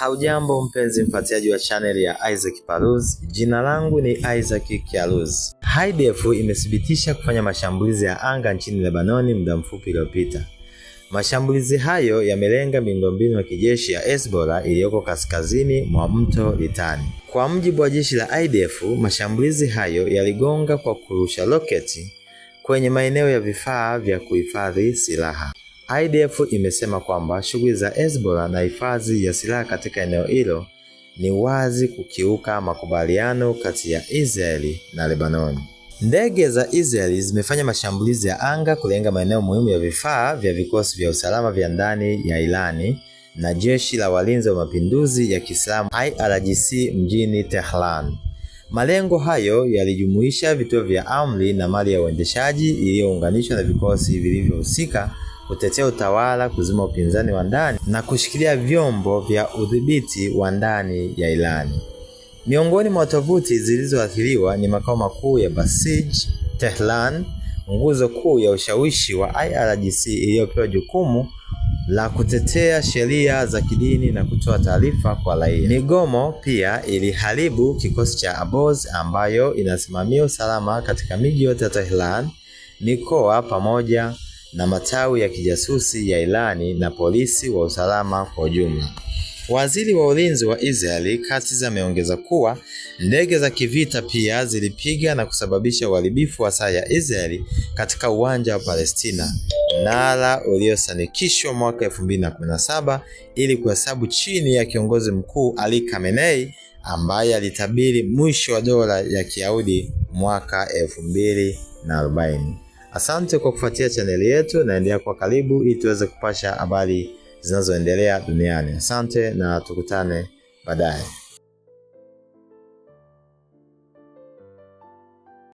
Haujambo mpenzi mfuatiliaji wa chaneli ya Isaac Paruz, jina langu ni Isaac Kiaruz. IDF imethibitisha kufanya mashambulizi ya anga nchini Lebanoni muda mfupi uliopita. Mashambulizi hayo yamelenga miundombinu ya kijeshi ya Hezbollah iliyoko kaskazini mwa mto Litani. Kwa mjibu wa jeshi la IDF, mashambulizi hayo yaligonga kwa kurusha roketi kwenye maeneo ya vifaa vya kuhifadhi silaha. IDF imesema kwamba shughuli za Hezbollah na hifadhi ya silaha katika eneo hilo ni wazi kukiuka makubaliano kati ya Israeli na Lebanon. Ndege za Israeli zimefanya mashambulizi ya anga kulenga maeneo muhimu ya vifaa vya vikosi vya usalama vya ndani ya Irani na jeshi la walinzi wa mapinduzi ya Kiislamu IRGC mjini Tehran. Malengo hayo yalijumuisha vituo vya amri na mali ya uendeshaji iliyounganishwa na vikosi vilivyohusika kutetea utawala, kuzima upinzani wa ndani na kushikilia vyombo vya udhibiti wa ndani ya Irani. Miongoni mwa tovuti zilizoathiriwa ni makao makuu ya Basij, Tehran, nguzo kuu ya ushawishi wa IRGC iliyopewa jukumu la kutetea sheria za kidini na kutoa taarifa kwa raia. Migomo pia iliharibu kikosi cha Aboz ambayo inasimamia usalama katika miji yote ya Tehran, mikoa pamoja na matawi ya kijasusi ya Irani na polisi wa usalama kwa ujumla. Waziri wa ulinzi wa Israeli Katz ameongeza kuwa ndege za kivita pia zilipiga na kusababisha uharibifu wa saa ya Israeli katika uwanja wa Palestina, mnara uliosanikishwa mwaka 2017 ili kuhesabu chini ya kiongozi mkuu Ali Khamenei ambaye alitabiri mwisho wa dola ya Kiyahudi mwaka 2040. Asante kwa kufuatia chaneli yetu na endelea kuwa karibu ili tuweze kupasha habari zinazoendelea duniani. Asante na tukutane baadaye.